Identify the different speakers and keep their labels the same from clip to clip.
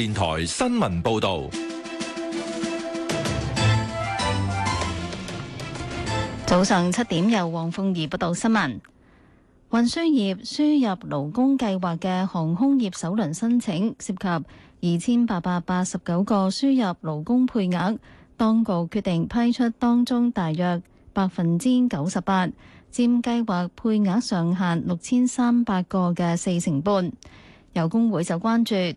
Speaker 1: 電台新聞報道，
Speaker 2: 早上七點由黃鳳儀報道新聞。運輸業輸入勞工計劃嘅航空業首輪申請涉及二千八百八十九個輸入勞工配額，當局決定批出當中大約百分之九十八，佔計劃配額上限六千三百個嘅四成半。有工會就關注。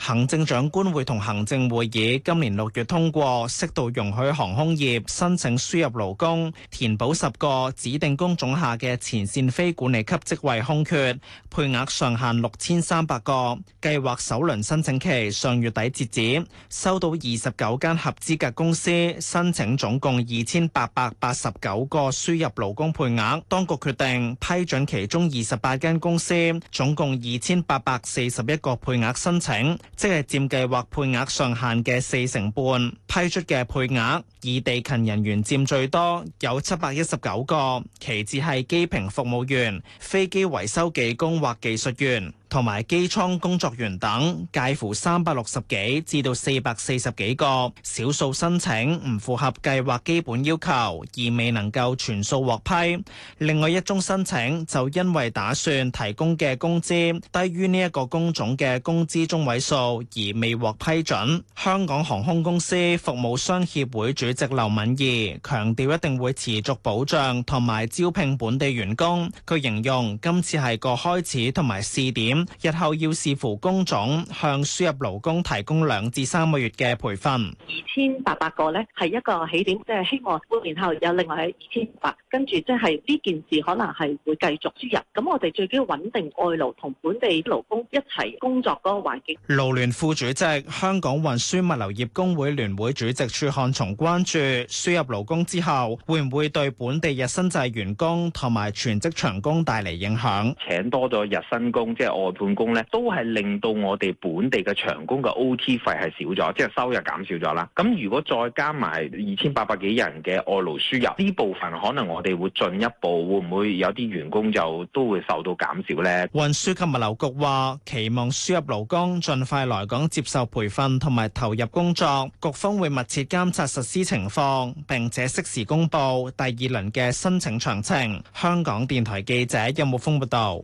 Speaker 3: 行政長官會同行政會議今年六月通過，適度容許航空業申請輸入勞工，填補十個指定工種下嘅前線非管理級職位空缺，配額上限六千三百個。計劃首輪申請期上月底截止，收到二十九間合資格公司申請總共二千八百八十九個輸入勞工配額，當局決定批准其中二十八間公司，總共二千八百四十一個配額申請。即係佔計劃配額上限嘅四成半，批出嘅配額，以地勤人員佔最多，有七百一十九個，其次係機坪服務員、飛機維修技工或技術員。同埋機艙工作員等，介乎三百六十幾至到四百四十幾個，少數申請唔符合計劃基本要求而未能夠全數獲批。另外一宗申請就因為打算提供嘅工資低於呢一個工種嘅工資中位數而未獲批准。香港航空公司服務商協會主席劉敏儀強調，一定會持續保障同埋招聘本地員工。佢形容今次係個開始同埋試點。日後要視乎工種，向輸入勞工提供兩至三個月嘅培訓。
Speaker 2: 二千八百個呢，係一個起點，即係希望半年後有另外喺二千八，跟住即係呢件事可能係會繼續輸入。咁我哋最緊要穩定外勞同本地勞工一齊工作嗰個環境。
Speaker 3: 勞聯副主席、香港運輸物流業工會聯會主席處漢松關注輸入勞工之後，會唔會對本地日薪制員工同埋全職長工帶嚟影響？請多咗日薪工，即係我。半工咧，都係令到我哋本地嘅長工嘅 O T 費係少咗，即係收入減少咗啦。咁如果再加埋二千八百幾人嘅外勞輸入，呢部分可能我哋會進一步會唔會有啲員工就都會受到減少呢？運輸及物流局話，期望輸入勞工盡快來港接受培訓同埋投入工作，局方會密切監察實施情況，並且適時公布第二輪嘅申請詳情。香港電台記者任木峰報道。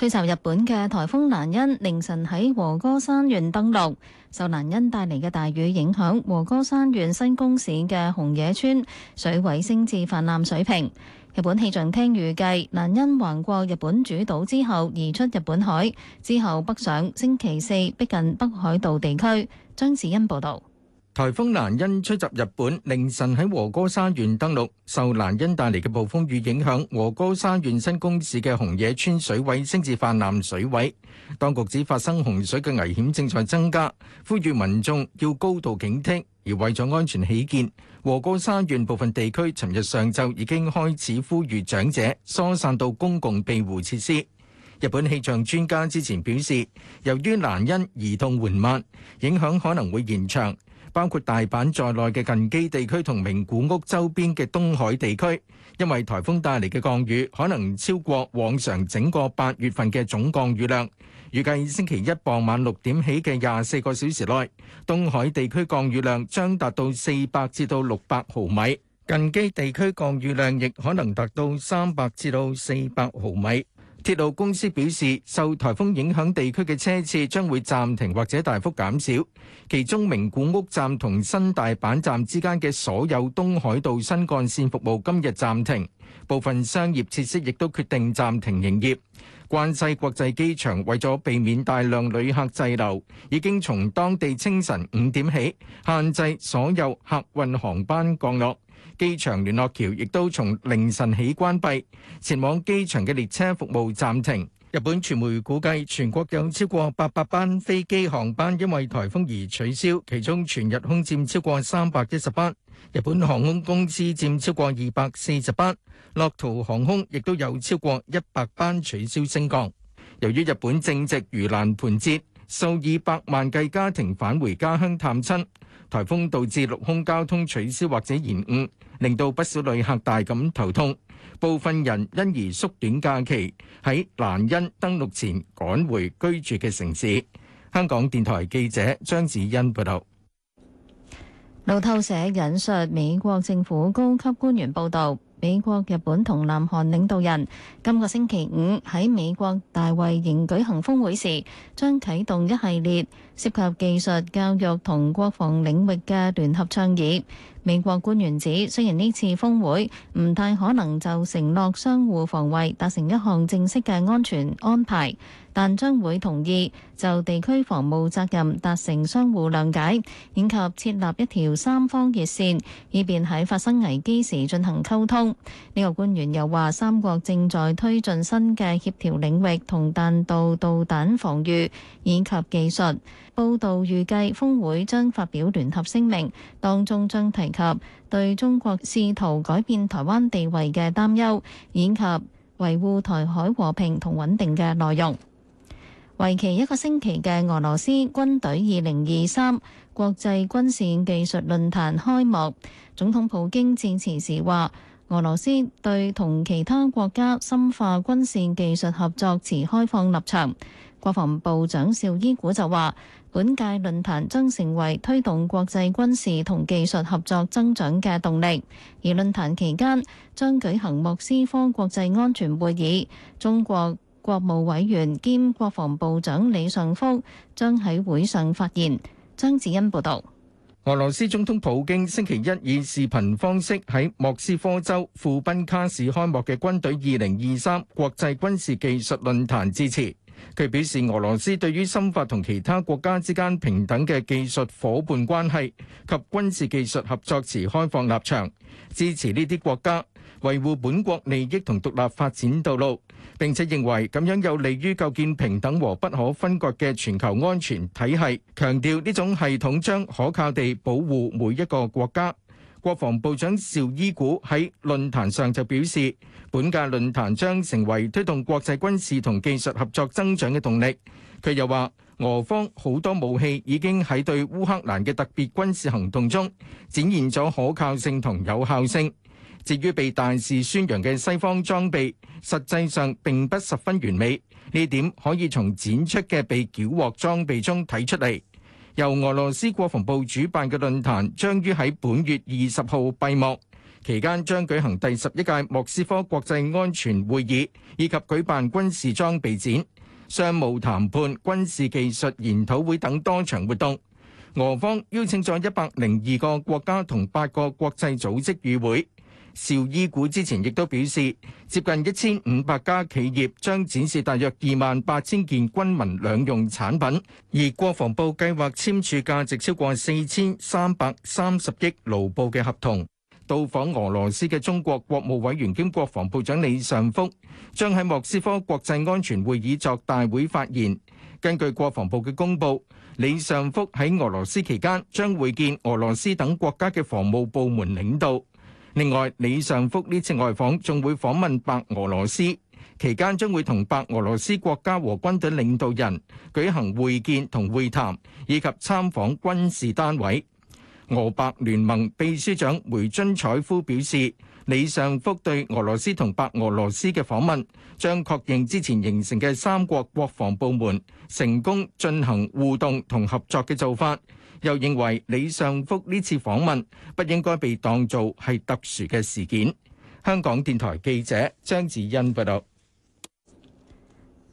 Speaker 2: 吹襲日本嘅颱風蘭恩，凌晨喺和歌山縣登陸。受蘭恩帶嚟嘅大雨影響，和歌山縣新宮市嘅紅野村水位升至泛濫水平。日本氣象廳預計，蘭恩橫過日本主島之後，移出日本海，之後北上，星期四逼近北海道地區。張子欣報道。
Speaker 1: 颱風蘭因吹襲日本，凌晨喺和歌山縣登陸。受蘭因帶嚟嘅暴風雨影響，和歌山縣新宮市嘅紅野村水位升至泛濫水位。當局指發生洪水嘅危險正在增加，呼籲民眾要高度警惕。而為咗安全起見，和歌山縣部分地區尋日上晝已經開始呼籲長者疏散到公共庇護設施。日本氣象專家之前表示，由於蘭因移動緩慢，影響可能會延長。包括大阪在內嘅近畿地區同名古屋周邊嘅東海地區，因為颱風帶嚟嘅降雨可能超過往常整個八月份嘅總降雨量。預計星期一傍晚六點起嘅廿四個小時內，東海地區降雨量將達到四百至到六百毫米，近畿地區降雨量亦可能達到三百至到四百毫米。鐵路公司表示，受颱風影響地區嘅車次將會暫停或者大幅減少。其中，名古屋站同新大阪站之間嘅所有東海道新幹線服務今日暫停，部分商業設施亦都決定暫停營業。關西國際機場為咗避免大量旅客滯留，已經從當地清晨五點起限制所有客運航班降落。機場聯絡橋亦都從凌晨起關閉，前往機場嘅列車服務暫停。日本傳媒估計全國有超過八百班飛機航班因為颱風而取消，其中全日空佔超過三百一十班，日本航空公司佔超過二百四十八班，樂途航空亦都有超過一百班取消升降。由於日本正值盂蘭盆節，數以百萬計家庭返回家鄉探親。颱風導致陸空交通取消或者延誤，令到不少旅客大感頭痛。部分人因而縮短假期，喺蘭恩登陸前趕回居住嘅城市。香港電台記者張子欣報道。
Speaker 2: 路透社引述美國政府高級官員報道。美國、日本同南韓領導人今個星期五喺美國大衛營舉行峰會時，將啟動一系列涉及技術、教育同國防領域嘅聯合倡議。美國官員指，雖然呢次峰會唔太可能就承諾相互防衛，達成一項正式嘅安全安排，但將會同意就地區防務責任達成相互諒解，以及設立一條三方熱線，以便喺發生危機時進行溝通。呢個官員又話，三國正在推進新嘅協調領域，同彈道導彈防禦以及技術。報道預計峰會將發表聯合聲明，當中將提及對中國試圖改變台灣地位嘅擔憂，以及維護台海和平同穩定嘅內容。為期一個星期嘅俄羅斯軍隊二零二三國際軍事技術論壇開幕。總統普京致辭時話：俄羅斯對同其他國家深化軍事技術合作持開放立場。國防部長紹伊古就話：本屆論壇將成為推動國際軍事同技術合作增長嘅動力。而論壇期間將舉行莫斯科國際安全會議。中國。國務委員兼國防部長李尚福將喺會上發言。張子欣報道：
Speaker 1: 俄羅斯總統普京星期一以視頻方式喺莫斯科州富賓卡市開幕嘅軍隊二零二三國際軍事技術論壇致辭。佢表示，俄羅斯對於深化同其他國家之間平等嘅技術伙伴關係及軍事技術合作持開放立場，支持呢啲國家。維護本國利益同獨立發展道路，並且認為咁樣有利於構建平等和不可分割嘅全球安全體系。強調呢種系統將可靠地保護每一個國家。國防部長邵伊古喺論壇上就表示，本屆論壇將成為推動國際軍事同技術合作增長嘅動力。佢又話，俄方好多武器已經喺對烏克蘭嘅特別軍事行動中，展現咗可靠性同有效性。至於被大肆宣揚嘅西方裝備，實際上並不十分完美。呢點可以從展出嘅被繳獲裝備中睇出嚟。由俄羅斯國防部主辦嘅論壇將於喺本月二十號閉幕，期間將舉行第十一屆莫斯科國際安全會議，以及舉辦軍事裝備展、商務談判、軍事技術研討會等多場活動。俄方邀請咗一百零二個國家同八個國際組織與會。邵伊古之前亦都表示，接近一千五百家企業將展示大約二萬八千件軍民兩用產品，而國防部計劃簽署，簽署價值超過四千三百三十億盧布嘅合同。到訪俄羅斯嘅中國國務委員兼國防部長李尚福將喺莫斯科國際安全會議作大會發言。根據國防部嘅公布，李尚福喺俄羅斯期間將會見俄羅斯等國家嘅防務部門領導。另外，李尚福呢次外訪仲會訪問白俄羅斯，期間將會同白俄羅斯國家和軍隊領導人舉行會見同會談以及參訪軍事單位。俄白聯盟秘書長梅津采夫表示。李尚福對俄羅斯同白俄羅斯嘅訪問，將確認之前形成嘅三國國防部門成功進行互動同合作嘅做法。又認為李尚福呢次訪問不應該被當做係特殊嘅事件。香港電台記者張子欣報道。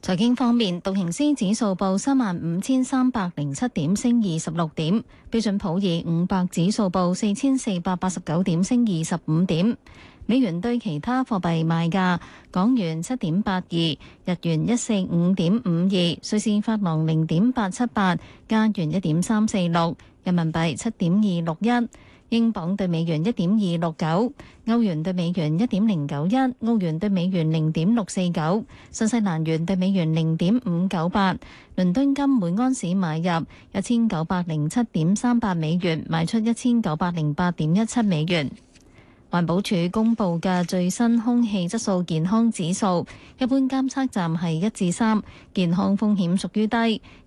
Speaker 2: 財經方面，道瓊斯指數報三萬五千三百零七點，升二十六點；標準普爾五百指數報四千四百八十九點，升二十五點。美元對其他貨幣賣價：港元七點八二，日元一四五點五二，瑞士法郎零點八七八，加元一點三四六，人民幣七點二六一。英鎊對美元一點二六九，歐元對美元一點零九一，澳元對美元零點六四九，新西蘭元對美元零點五九八，倫敦金每安士買入一千九百零七點三八美元，賣出一千九百零八點一七美元。環保署公布嘅最新空氣質素健康指數，一般監測站係一至三，健康風險屬於低；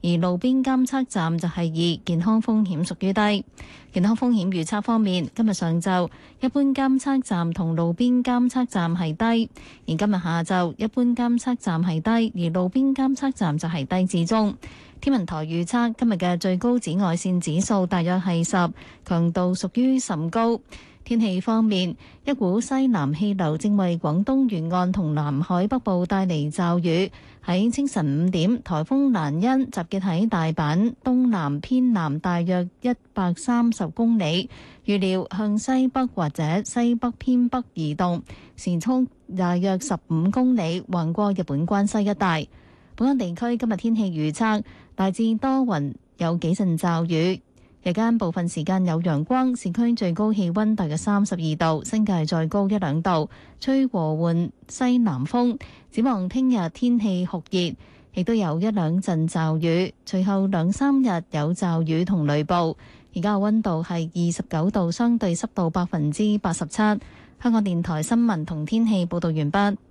Speaker 2: 而路邊監測站就係二，健康風險屬於低。健康風險預測方面，今日上晝一般監測站同路邊監測站係低，而今日下晝一般監測站係低，而路邊監測站就係低至中。天文台預測今日嘅最高紫外線指數大約係十，強度屬於甚高。天氣方面，一股西南氣流正為廣東沿岸同南海北部帶嚟驟雨。喺清晨五點，台風蘭恩集結喺大阪東南偏南大約一百三十公里，預料向西北或者西北偏北移動，時速大約十五公里，橫過日本關西一帶。本港地區今日天氣預測大致多雲，有幾陣驟雨。日間部分時間有陽光，市區最高氣溫大約三十二度，新界再高一兩度，吹和緩西南風。展望聽日天氣酷熱，亦都有一兩陣驟雨，隨後兩三日有驟雨同雷暴。而家嘅温度係二十九度，相對濕度百分之八十七。香港電台新聞同天氣報道完畢。